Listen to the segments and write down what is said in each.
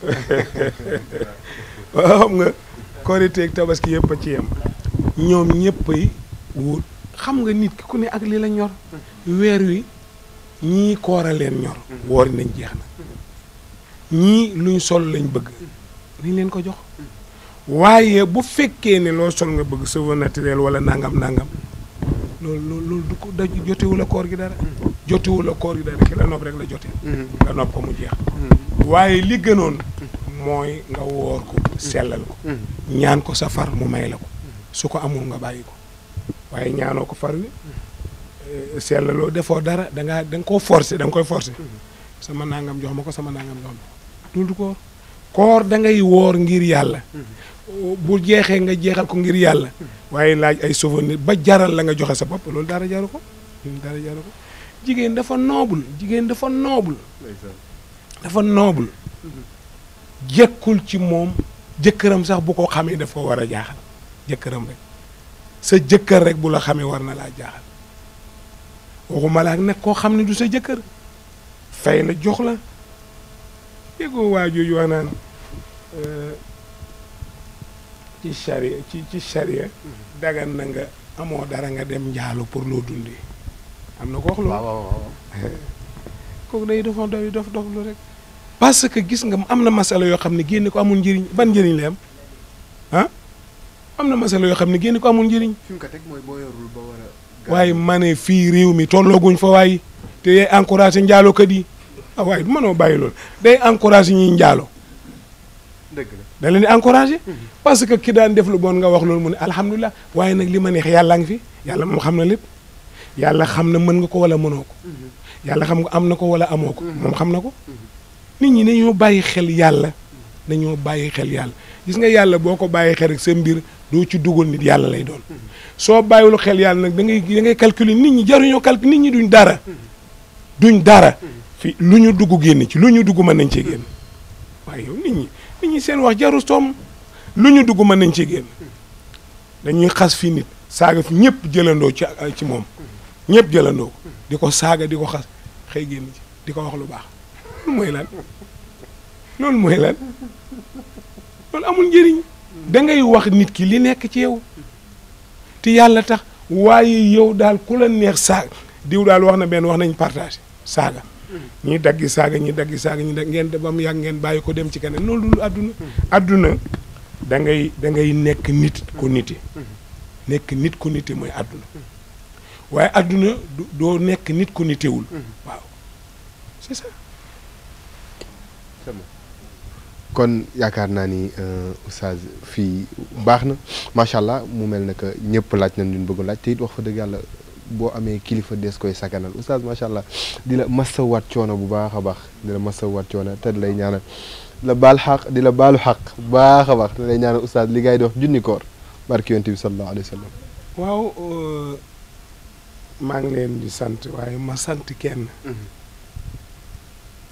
waaw xam nga korité ak tabaski yëpp a ci yem ñoom ñëppay wut xam nga nit ki ku ne ak li la ñor weer wi ñii koora leen ñor woori nañ jeex na ñii luñ sol lañ bëgg nañ leen ko jox waaye bu fekkee ne loo sol nga bëgg cheveux naturel wala nangam nangam loolu loolu loolu du ko daj jotewul a koor gi dara jotiwu la koor yi day rek la rek la jote nga mm-hmm. nopp ko mu jeex mm-hmm. waaye li gënoon nga ko sellal ko mm-hmm. ñaan ko sa far mu may la ko su ko amul nga bàyyi ko waaye ñaanoo ko far wi eh, sellaloo defoo dara da ngaa da forcé da nga koy forcé sama nangam jox ma ko sama nangam jox ma ko dul koor koor da ngay woor ngir yàlla bu jeexee nga jeexal ko ngir yàlla waaye laaj ay souvenir ba jaral la nga joxe sa bopp loolu dara jaru loolu dara jaru ko jigéen dafa noobul jigéen dafa noobul dafa noobul jekkul ci moom jëkkëram sax bu ko xamee daf war a jaaxal jëkkëram rek sa jëkkër rek bu la xamee war na laa jaaxal waxuma la ak nag koo xam ne du sa jëkkër fay la jox la déggoo waa jooju wax naan euh, ci charia ci ci charia mm-hmm. na nga amoo dara nga dem njaalu pour loo dundee am na ko wax loolu waaw waaw kooku day parce que gis nga am na masala yoo xam ne génne ko amul njëriñ ban njëriñ lay am na masala yoo xam ne génne ko amul njëriñ. ko teg mooy boo yorul ba waaye ma ne fii réew mi tollooguñ fa waaye te yay encouragé njaalookat yi ah waaye du mënoo bàyyi loolu day encouragé ñuy njaalo. dëgg la da leen di encouragé. Mhm. parce que ki daan def lu bon nga wax lool mu ne alhamdulilah waaye nag li ma neex yàlla ngi fi yàlla moom xam na lépp. yàlla xam na mën nga ko wala mënoo ko mhm. yàlla xam nga am na ko wala amoo ko mhm. moom xam na ko nit ñi dañoo bàyyi xel yàlla dañoo bàyyi xel yàlla gis nga yàlla boo ko bàyyi xel rek sa mbir doo ci dugal nit yàlla lay doon mhm. soo xel yàlla nag da ngay da ngay calculer nit ñi jaruñoo calculer nit ñi duñ dara duñ dara fi lu ñu dugg génn ci lu ñu dugg mën nañ cee génn waaye yow nit ñi nit ñi seen wax jarul toom lu ñu dugg mën nañ cee génn dañuy xas fi nit saaga fi ñëpp jëlandoo ci ci moom ñepp jëlando diko di ko xass di ko xas di ko wax lu baax moy lan non moy lan non amul jëriñ da ngay wax nit ki li nekk ci yow ti yalla tax waye yow dal ku la neex saaga diw dal wax na ben wax nañ partager saga ñi daggi saga ñi daggi saga ñi ngeen ba bam yag ngeen bàyyi ko dem ci keneen non dul aduna aduna da ngay da ngay nekk nit ku niti nekk nit ku niti moy aduna waaye àdduna doo nekk nit ko nitewul mhm. waaw kon yaakaar naa ni euh, oustaz fii baax na macha allah mu mel na que ñëpp laaj nañ luñ bëgg laaj te it wax fa dëgg yàlla boo amee kilifa des koy saganal oustaz macha allah di la masawaat coono bu baax a baax di la masawaat coono te lay ñaanal la baal xaq di la baalu xaq baax a baax di lay ñaanal oustaz li ngay di wax junni koor barki yonent bi sallallahu alayhi waaw euh, maa ngi leen di sant waaye ma sant kenn mhm.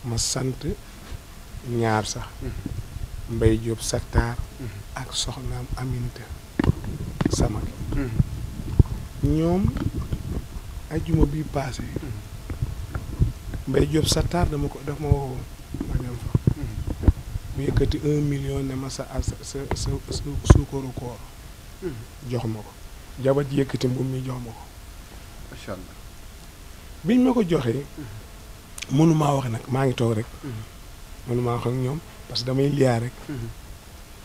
ma sant ñaar sax mhm. Mbay Jóob Sattaar mhm. ak soxnaam Aminta sama ñoom ajuma bi paase Mbay Jóob Sattaar dama ko daf ma woo mu yëkkati un million ne ma sa sa suukaru koor jox ma ko jabat yëkkati mbubb mi jox ma ko macha allah biñ ma ko joxee mënumaa wax nag maa ngi toog rek mm-hmm. mënumaa wax ak ñoom parce que damay liyaa rek mm-hmm.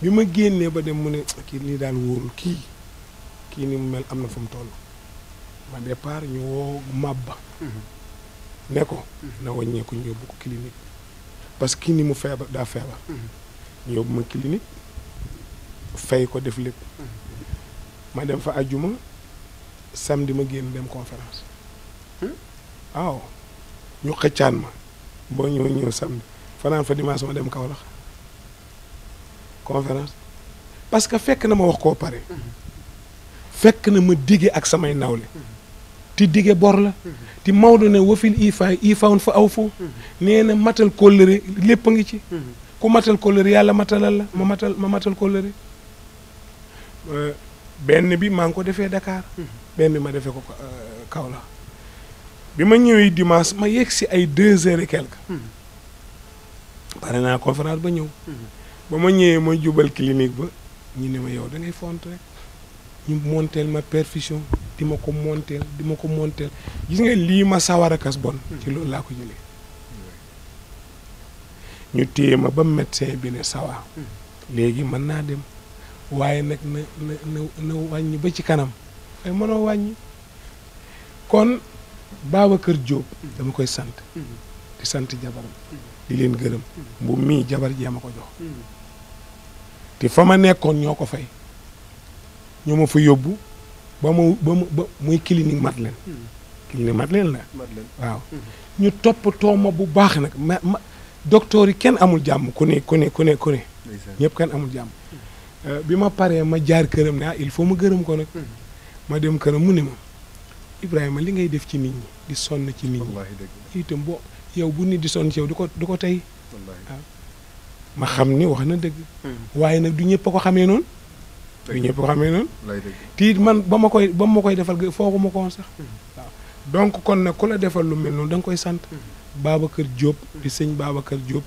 bi ma génnee ba dem mu ne kii lii daal wóorul kii kii ni mu mel am na fu mu toll ma départ ñu woo ba mm-hmm. ne ko na wàññeeku ñu yóbbu ko clinique parce que kii ni mu feebar daa feebar ñu yóbbu ma clinique fay ko def lépp ma dem fa ajuma samedi ma génn dem conférence hmm? waaw ñu xëccaan ma boo ñëw ñëw samedi fanaan fa dimanche ma dem Kaolack conférence parce que fekk na ma wax koo pare hmm. fekk na ma digge ak samay nawle hmm. ti dige bor la ti Maodo ne wafil ifaay ifaawn fa aw fu nee na matal kóllëre lépp a ngi ci ku matal kóllëre yàlla matalal la ma matal ma matal kóllëre euh, benn bi maa ngi ko defee Dakar benn bi ma defee ko euh, Kaolack bi ma ñëwee dimanche ma yegg si ay deux heures et quelque pare naa conférence ba ñëw ba ma ñëwee ma jubal clinique ba ñu ne ma yow da ngay font rek ñu monteel ma perfusion di ma ko monteel di ma ko monteel gis nga lii ma sawar a kas bon ci loolu laa ko jëlee ñu téye ma ba médecin bi ne sawa léegi mën naa dem waaye nag na na na wàññi ba ci kanam waaye mënoo wàññi kon kër Diop dama koy sant di sant jabaram di leen gërëm mbu mii jabar jee ma ko jox te fa ma nekkoon ñoo ko fay ñooma fu fa yóbbu ba mu ba mu ba muy clinique Madeleine clinique Madeleine la waaw ñu toppatoo ma bu baax nag ma ma docteur yi kenn amul jàmm ku ne ku ne ku ne ku ne ñëpp kenn amul jàmm Euh, bi ma paree ma jaar këram ne ah il faut ma gërëm ko nag hmm. ma dem këram mu ne ma Ibrahima li ngay def ci nit ñi di sonn ci nit ñi itam boo yow bu nit di sonn ci yow du ko du ko tey waaw ah. ma xam ni wax na dëgg hmm. waaye nag du ñëpp a ko xamee noonu du ñëpp a xamee noonu tiit man ba ma koy ba ma koy defal foogu ma ko woon sax waaw hmm. ah. donc kon nag ku la defal lu mel noonu danga koy sant kër jóob di sëñ Babacar Diop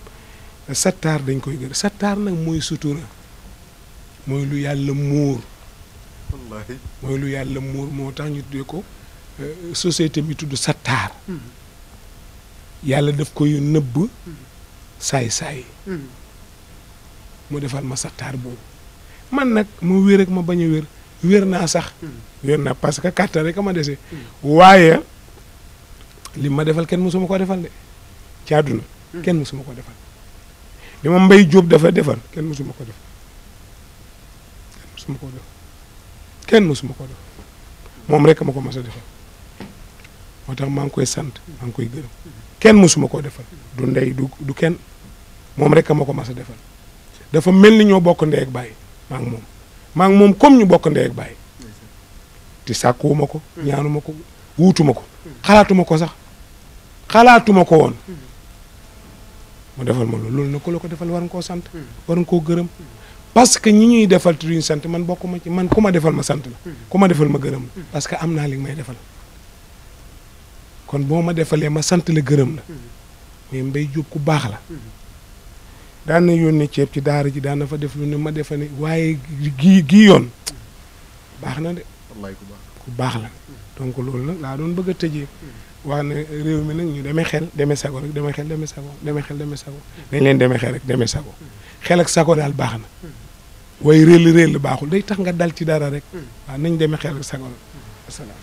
euh, sattaar dañ koy gër sattaar nag mooy sutura mooy lu yàlla muur wallaahi mooy lu yàlla muur moo tax ñu tuddee ko euh, société bi tudd sattaar mm-hmm. yàlla daf koy nëbb mm-hmm. saay-saay mm-hmm. mu defal ma sattaar boobu man nag ma wér ak ma bañ a wér wér naa sax wér naa parce que kàttan rek a ma dese waaye li ma defal kenn mësuma ko defal de ci àdduna kenn mësuma ko defal li ma mbay jóob dafa defal kenn mësuma ko defal mosuma koo def kenn mosuma koo def moom rek ma ko mos a defal moo tax maa ngi koy sant maa ngi koy gërëm kenn mosuma koo defal du ndey du du kenn moom rek ma ko mos a dafa mel ni ñoo bokk ndey ak baay maa moom maa moom comme ñu bokk ndey ak baay te sàkkuwuma ko ñaanuma ko wuutuma ko xalaatuma ko sax xalaatuma ko woon mu defal ma loolu loolu na ko la ko defal war koo sant war koo gërëm parce que ñi ñuy defal tuuti ñu sant man bokkuma ci man ku ma defal ma sant la ku ma defal ma gërëm la parce que am naa li may defal kon boo ma defalee ma sant la gërëm la mais mbay jub ku baax la daan na yónnee ceeb ci daara ji daan na fa def lu ne ma defa waaye gii gii yoon baax na de wallaay ku baax ku la donc loolu nag laa doon bëgg a tëjee wax ne réew mi nag ñu demee xel demee sago rek demee xel demee sago demee xel demee sago dañ leen demee xel rek demee sago xel ak sago daal baax na waaye réel réel baaxul day tax nga dal ci dara rek hmm. waaw nañ demee xel sagoon hmm. asalaam